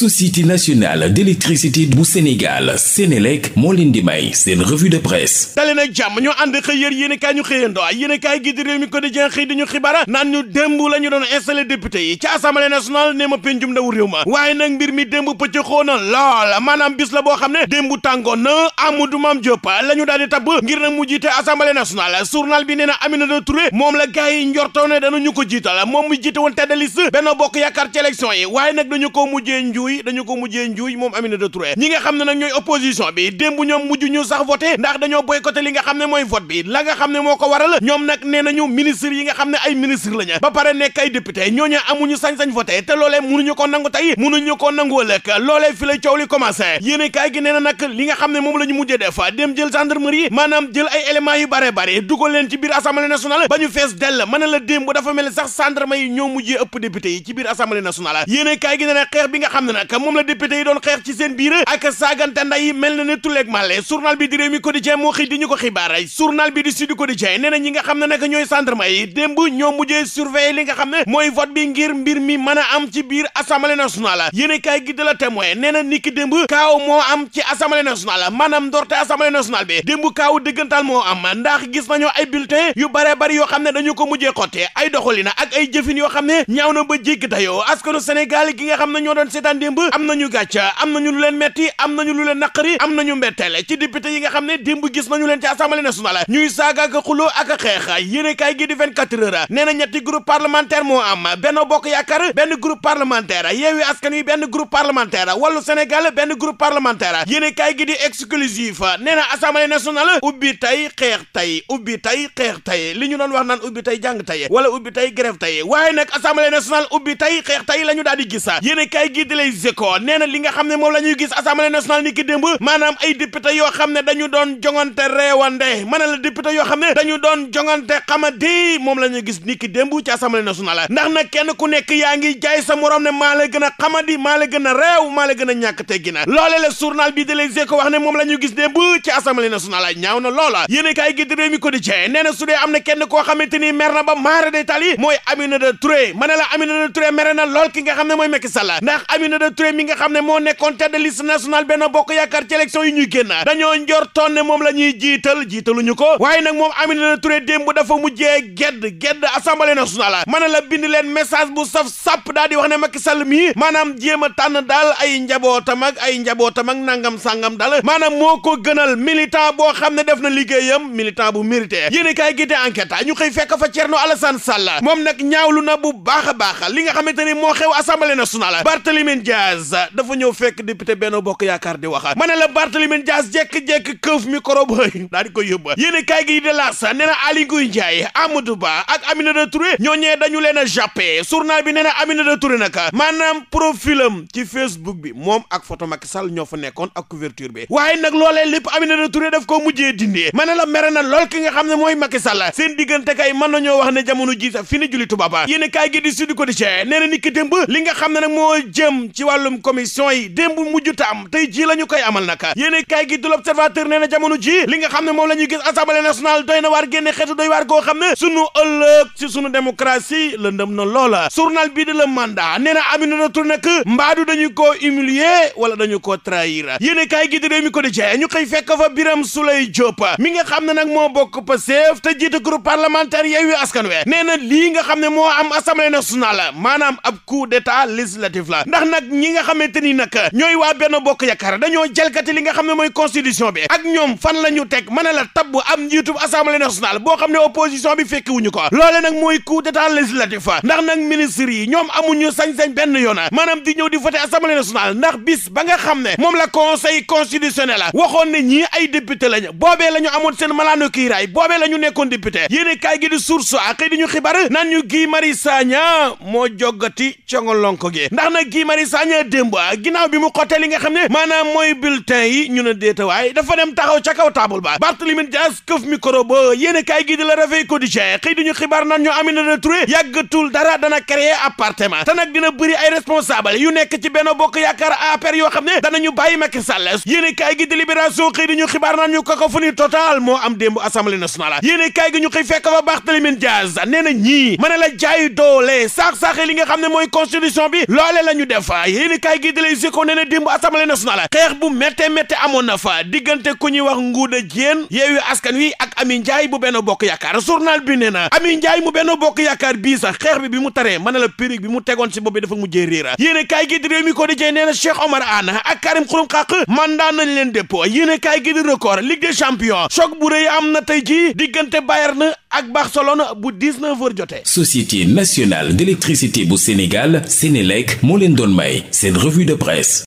société nationale d'électricité bu Sénégal Sénélec moo leen di may de presse dali nag jàmm ñu ànd xëy yér yéen i kaay ñu xëyando yéen i kaay gi di réew mi quotidien di ñu xibara naan ñu démb la ñu doon député yi ci assemblée nationale ne ma péncum ndaw réew ma waaye nag mbir mi démb pëccëxoo na lool maanaam bis la boo xam ne démb tàngoon na Amadou Mame Diop la ñu daal di tabb ngir nag mu jiite assemblée nationale journal bi nee na yi dañu ko mujjee njuuy moom Aminata Touré ñi nga xam ne nag ñooy opposition bi démb ñoom mujj ñu sax voté ndax dañoo boycotté li nga xam ne mooy vote bi la nga xam ne moo ko waral ñoom nag nee nañu ministre yi nga xam ne ay ministre lañu ba pare nekk ay député ñooñu amuñu sañ-sañ voté te loolee mënuñu ko nangu tey mënuñu ko nangu ëllëg loolee fi coow li commencé yéen kaay gi nee na li nga xam ne moom la ñu mujjee def dem jël gendarmerie maanaam jël ay nag moom la député yi doon xeex ci seen biir ak saagante nday mel na ne tuleeg màlle journal bi di réew mi quotidien moo xëy di ñu ko xibaar journal bi di sud quotidien nee na ñi nga xam ne nag ñooy gendarme yi démb ñoo mujjee surveiller li nga xam ne mooy vote bi ngir mbir mi mën a am ci biir assemblée nationale yéen kaay gi de la témoin nee na niki démb kaaw moo am ci assemblée nationale maanaam ndorte assemblée nationale bi démb kaaw yu bare bari yoo xam ne dañu ko mujjee xotte ay doxalina ak ay jëfin yoo xam ne ñaaw na ba jéggi dayoo askanu Sénégal démb am nañu gàcca am nañu lu leen metti am nañu lu leen naqari am ñu mbetteel ci député yi nga xam ne démb gis na ñu leen ci assemblée nationale ñuy saaga ak xuloo ak xeex yéene kaay gi di 24 heures nee na ñetti groupe parlementaire moo am Benno Bokk Yaakaar benn groupe parlementaire Yewwi Askan Wi benn groupe parlementaire Wallu Sénégal benn groupe parlementaire yéene kaay gi di exclusif nee na assemblée nationale ubbi tey xeex tey ubbi tey xeex tey li ñu doon wax naan ubbi tey jàng tey wala ubbi tey grève tey waaye nag assemblée nationale ubbi tey xeex tey la ñu daal di gis yéene kaay les ko nee na li nga xam ne moom la ñuy gis assemblée nationale ni ki démb maanaam ay député yoo xam ne dañu doon jongante reewande mën la député yoo xam ne dañu doon jongante xamadi moom la ñuy gis ni ki démb ci assemblée nationale ndax nag kenn ku nekk yaa ngi jaay sa morom ne maa la gën a xamadi maa la gën a réew maa la gën a ñàkk teggi na loole la journal bi de les ko wax ne moom la ñu gis démb ci assemblée nationale ñaaw na loola yéen kaay gi di ko xam ne mooy Macky Sall ndax Aminata Aminata Touré mi nga xam ne moo nekkoon tête de liste nationale benn bokk yaakaar ci élection yi ñuy génn dañoo njortoon ne moom la ñuy jiital jiitaluñu ko waaye nag moom Aminata Touré démb dafa mujjee gedd gedd assemblée nationale ma ne la bind leen message bu saf sàpp daal di wax ne Macky Sall mii maanaam jéem a tànn daal ay njabootam ak ay njabootam ak nangam sangam daal maanaam moo ko gënal militant boo xam ne def na liggéeyam militant bu mérité yéen kaay gi de enquête ñu xëy fekk fa Thierno Alassane Sall moom nag ñaawlu na bu baax a baax li nga xamante ni moo xew assemblée nationale Barthélémy Diaz dafa ñëw fekk député Benno Bokk Yaakaar di wax ma ne la Barthélémy jekk-jekk këf micro bay daa ko yóbba yéen kaay gi de laas nee na Aly Ngouille Ndiaye Amadou Ba ak Aminata Touré ñooñee dañu leen a jàppe journal bi nee na Aminata Touré naka profilam ci Facebook bi moom ak photo Macky Sall ñoo fa nekkoon ak couverture bi waaye nag loolee lépp Aminata Touré daf koo mujjee dindee ma ne la mere na lool ki nga xam ne mooy Macky Sall seen diggante kay mën nañoo wax ne na ni ki démb li nga xam ne nag ci wàllum commission yi démb mujjuta am tey jii la ñu koy amal naka yéene kaay gi du l'observateur nee na jamono jii li nga xam ne moom la ñuy gis assemblée nationale doy na waar génne xeetu doy war goo xam ne sunu ëllëg ci sunu démocratie lëndëm na loola journal bii di la mandat nee na Aminata Touré nag mbaadu dañu ko humilier wala dañu koo trahir yéene kaay gi di réew mi ko di jee ñu koy fekk a fa Birame Souleye Diop mi nga xam ne nag moo bokk Pastef te jiite groupe parlementaire Yewwi Askan Wi nee na lii nga xam moo am assemblée nationale maanaam ab coup d'état législatif la ndax nag ñi nga xamante ni nag ñooy waa benn bokk yaakaar dañoo jalgati li nga xam ne mooy constitution bi ak ñoom fan la ñu teg mën a la tabb am njiitub assemblée nationale boo xam ne opposition bi ñu ko loole nag mooy coup d'état législatif ndax nag ministre yi ñoom amuñu sañ-sañ benn yoona maanaam di ñëw di voté assemblée nationale ndax bis ba nga xam ne moom la conseil constitutionnel waxoon ne ñii ay député lañu boobee la ñu amoon seen malaanu kiiraay boobee la ñu nekkoon député yéen kaay gi di source ak ñu xibaar naan ñu Guy Marius Sagna moo joggati congolonko gi ndax nag Guy Sagna a ah, ginnaaw bi mu xottee li nga xam ne maanaam mooy bulletin yi ñu ne déetawaay dafa dem taxaw ca kaw taabal ba Barthélémy Dias këf micro ba yéen a kaay gi di la Réveil Quotidien xëy di ñu xibaar naan ñu Aminata Touré yàggatul dara dana créer appartement te nag dina ay responsable yu nekk ci Benno Bokk Yaakaar APR yoo xam ne danañu bàyyi Macky Sall yéen a kaay gi di Libération xëy di ñu xibaar naan ñu cacophonie totale moo am démb Assemblée nationale yéen a kaay gi ñu xëy fekk fa Barthélémy Dias nee na ñii ma ne li nga xam ne mooy constitution bi loole la ñu def yéen i kaay gi di lay siko nee na démb assemblée nationale xeex bu métte métte amoon na fa diggante ku ñuy wax nguuda jéen yeewi askan wi ak Ami Ndiaye bu benn bokk yaakaar journal bi nee na Ami Ndiaye mu benn bokk yaakaar bii sax xeex bi bi mu taree mën na la périg bi mu tegoon si bopp bi dafa mujjee riira yéen i kaay gi di mi ko di jee nee na Cheikh Omar Anne ak Karim Xurum Xaq mandat nañ leen dépôt yéen i kaay gi di record Ligue des champions choc bu am na tey ji diggante Bayern ak Barcelone bu 19 heures jotee. Société nationale d'électricité bu Sénégal Sénélec moo leen doon may seen revue de presse.